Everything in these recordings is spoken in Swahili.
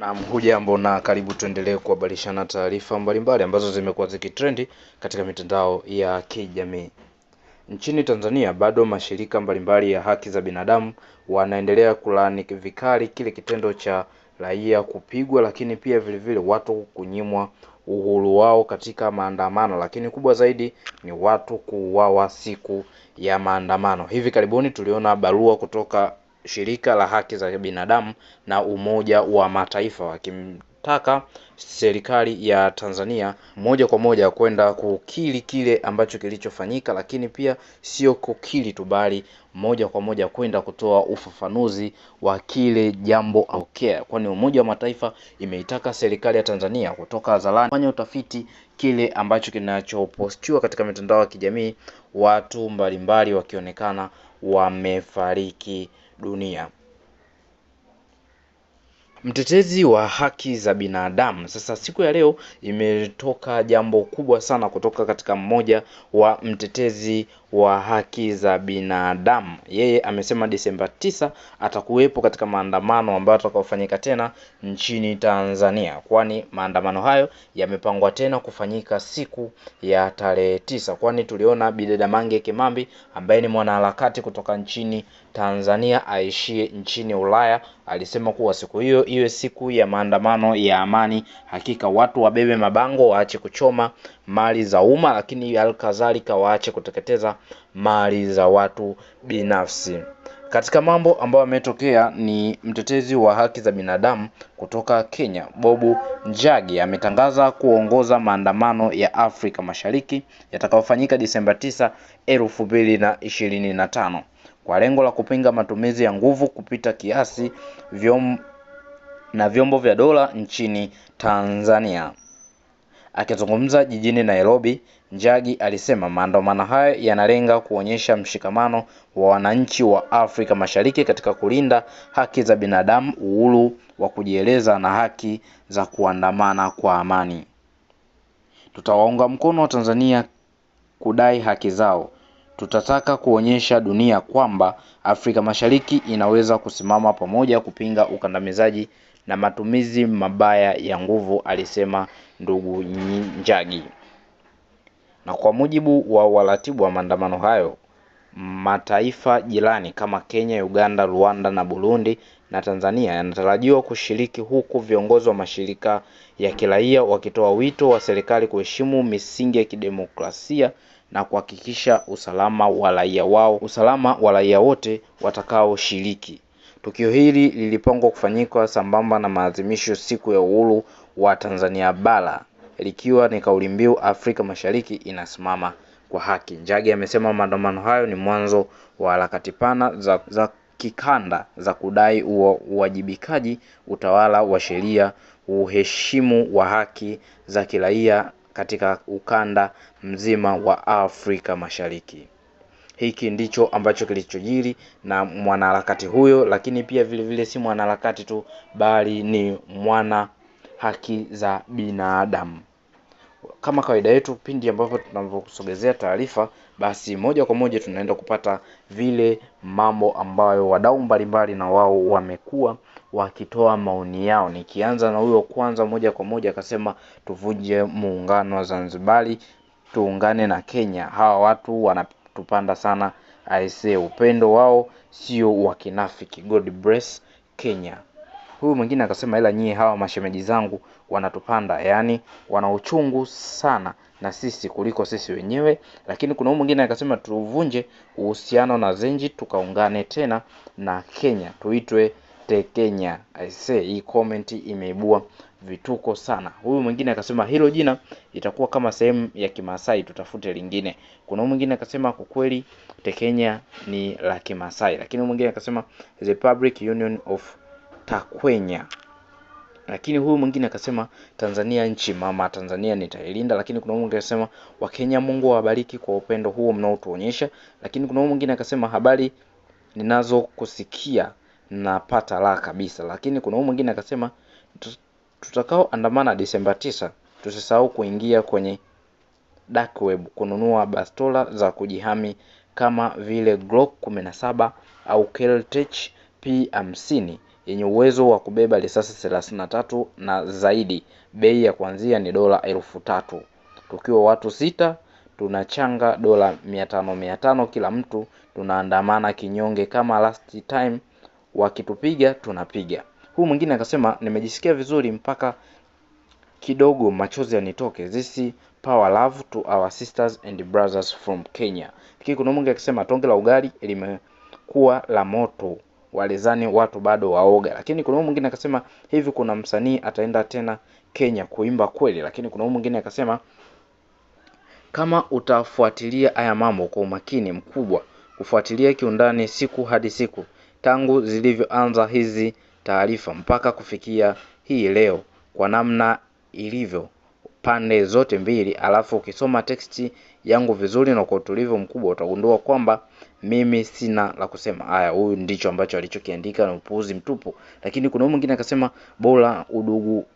Naam, hujambo na karibu, tuendelee kuhabarishana taarifa mbalimbali ambazo zimekuwa zikitrendi katika mitandao ya kijamii. Nchini Tanzania bado mashirika mbalimbali ya haki za binadamu wanaendelea kulaani vikali kile kitendo cha raia kupigwa, lakini pia vilevile watu kunyimwa uhuru wao katika maandamano, lakini kubwa zaidi ni watu kuuawa siku ya maandamano. Hivi karibuni tuliona barua kutoka shirika la haki za binadamu na Umoja wa Mataifa wakimtaka serikali ya Tanzania moja kwa moja kwenda kukiri kile ambacho kilichofanyika, lakini pia sio kukiri tu, bali moja kwa moja kwenda kutoa ufafanuzi wa kile jambo au care, kwani Umoja wa Mataifa imeitaka serikali ya Tanzania kutoka hadharani fanya utafiti kile ambacho kinachopostiwa katika mitandao ya kijamii, watu mbalimbali wakionekana wamefariki dunia. Mtetezi wa haki za binadamu sasa, siku ya leo imetoka jambo kubwa sana kutoka katika mmoja wa mtetezi wa haki za binadamu. Yeye amesema Desemba 9 atakuwepo katika maandamano ambayo atakaofanyika tena nchini Tanzania, kwani maandamano hayo yamepangwa tena kufanyika siku ya tarehe tisa, kwani tuliona Bidada Mange Kimambi ambaye ni mwanaharakati kutoka nchini Tanzania aishie nchini Ulaya alisema kuwa siku hiyo iwe siku ya maandamano ya amani. Hakika watu wabebe mabango, waache kuchoma mali za umma, lakini alkadhalika waache kuteketeza mali za watu binafsi. Katika mambo ambayo yametokea ni mtetezi wa haki za binadamu kutoka Kenya, Bobu Njagi ametangaza kuongoza maandamano ya Afrika Mashariki yatakayofanyika Disemba 9, elfu mbili na ishirini na tano kwa lengo la kupinga matumizi ya nguvu kupita kiasi vyom, na vyombo vya dola nchini Tanzania. Akizungumza jijini Nairobi, Njagi alisema maandamano hayo yanalenga kuonyesha mshikamano wa wananchi wa Afrika Mashariki katika kulinda haki za binadamu, uhuru wa kujieleza na haki za kuandamana kwa amani. Tutawaunga mkono Watanzania kudai haki zao. Tutataka kuonyesha dunia kwamba Afrika Mashariki inaweza kusimama pamoja kupinga ukandamizaji na matumizi mabaya ya nguvu, alisema ndugu Njagi. Na kwa mujibu wa waratibu wa maandamano hayo, mataifa jirani kama Kenya, Uganda, Rwanda na Burundi na Tanzania yanatarajiwa kushiriki huku viongozi wa mashirika ya kiraia wakitoa wito wa serikali kuheshimu misingi ya kidemokrasia na kuhakikisha usalama wa raia wao usalama wa raia wote watakaoshiriki. Tukio hili lilipangwa kufanyika sambamba na maadhimisho siku ya uhuru wa Tanzania bara likiwa ni kauli mbiu Afrika Mashariki inasimama kwa haki. Njagi amesema maandamano hayo ni mwanzo wa harakati pana za, za kikanda za kudai uwajibikaji, utawala wa sheria, uheshimu wa haki za kiraia katika ukanda mzima wa Afrika Mashariki hiki ndicho ambacho kilichojiri na mwanaharakati huyo, lakini pia vile vile si mwanaharakati tu, bali ni mwana haki za binadamu. Kama kawaida yetu, pindi ambapo tunavyokusogezea taarifa, basi moja kwa moja tunaenda kupata vile mambo ambayo wadau mbalimbali na wao wamekuwa wakitoa maoni yao. Nikianza na huyo kwanza, moja kwa moja akasema, tuvunje muungano wa Zanzibari tuungane na Kenya. Hawa watu wana kutupanda sana aisee, upendo wao sio wa kinafiki. God bless Kenya. Huyu mwingine akasema, ila nyie hawa mashemeji zangu wanatupanda, yaani wana uchungu sana na sisi kuliko sisi wenyewe. Lakini kuna huyu mwingine akasema, tuvunje uhusiano na Zenji tukaungane tena na Kenya, tuitwe Tekenya. kenya say hii comment imeibua vituko sana. Huyu mwingine akasema hilo jina itakuwa kama sehemu ya Kimasai, tutafute lingine. Kuna mwingine akasema kwa kweli Tekenya ni la Kimasai, lakini mwingine akasema Republic Union of Takwenya lakini huyu mwingine akasema Tanzania nchi mama, Tanzania nitailinda. Lakini kuna mwingine akasema Wakenya, Mungu awabariki kwa upendo huo mnaotuonyesha. Lakini kuna mwingine akasema habari ninazokusikia napata raha kabisa. Lakini kuna mwingine akasema Tutakaoandamana Disemba 9, tusisahau kuingia kwenye dark web kununua bastola za kujihami kama vile Glock 17 au Keltech P50 yenye uwezo wa kubeba risasi 33 na zaidi. Bei ya kuanzia ni dola elfu tatu. Tukiwa watu sita tunachanga dola mia tano mia tano kila mtu, tunaandamana kinyonge kama last time, wakitupiga tunapiga. Huyu mwingine akasema nimejisikia vizuri mpaka kidogo machozi yanitoke. This power love to our sisters and brothers from Kenya. Lakini kuna mwingine akisema tonge la ugali limekuwa la moto walezani watu bado waoga. Lakini kuna mwingine akasema hivi, kuna msanii ataenda tena Kenya kuimba kweli? Lakini kuna mwingine akasema kama utafuatilia haya mambo kwa umakini mkubwa, kufuatilia kiundani siku hadi siku tangu zilivyoanza hizi taarifa mpaka kufikia hii leo kwa namna ilivyo pande zote mbili, alafu ukisoma teksti yangu vizuri na kwa utulivu mkubwa utagundua kwamba mimi sina la kusema, haya, huyu ndicho ambacho alichokiandika na upuuzi mtupu. Lakini kuna huyu mwingine akasema bora udugu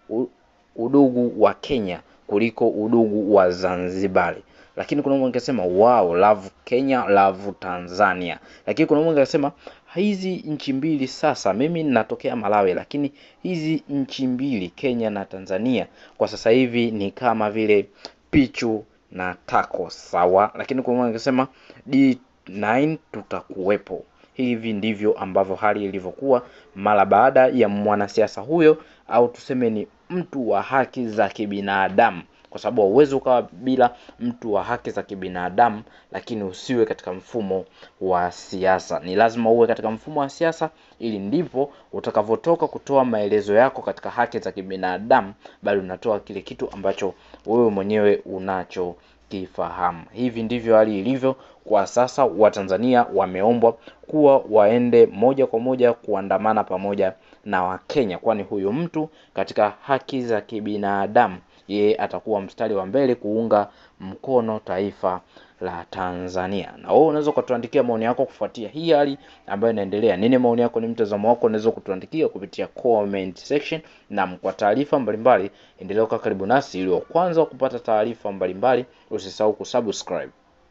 udugu wa Kenya kuliko udugu wa Zanzibari lakini kuna mmoja akasema wow, love Kenya, love Tanzania. Lakini kuna mmoja akasema hizi nchi mbili sasa, mimi natokea Malawi, lakini hizi nchi mbili Kenya na Tanzania kwa sasa hivi ni kama vile pichu na tako sawa. Lakini kuna mmoja akasema D9 tutakuwepo. Hivi ndivyo ambavyo hali ilivyokuwa mara baada ya mwanasiasa huyo au tuseme ni mtu wa haki za kibinadamu kwa sababu hauwezi ukawa bila mtu wa haki za kibinadamu, lakini usiwe katika mfumo wa siasa. Ni lazima uwe katika mfumo wa siasa, ili ndipo utakavyotoka kutoa maelezo yako katika haki za kibinadamu, bali unatoa kile kitu ambacho wewe mwenyewe unacho kifahamu. Hivi ndivyo hali ilivyo kwa sasa. Watanzania wameombwa kuwa waende moja kwa moja kuandamana pamoja na Wakenya, kwani huyu mtu katika haki za kibinadamu yeye atakuwa mstari wa mbele kuunga mkono taifa la Tanzania. Na wewe unaweza ukatuandikia maoni yako kufuatia hii hali ambayo inaendelea. Nini maoni yako, ni mtazamo wako? Unaweza kutuandikia kupitia comment section, na kwa taarifa mbalimbali endelea kukaa karibu nasi ili wa kwanza kupata taarifa mbalimbali. Usisahau kusubscribe.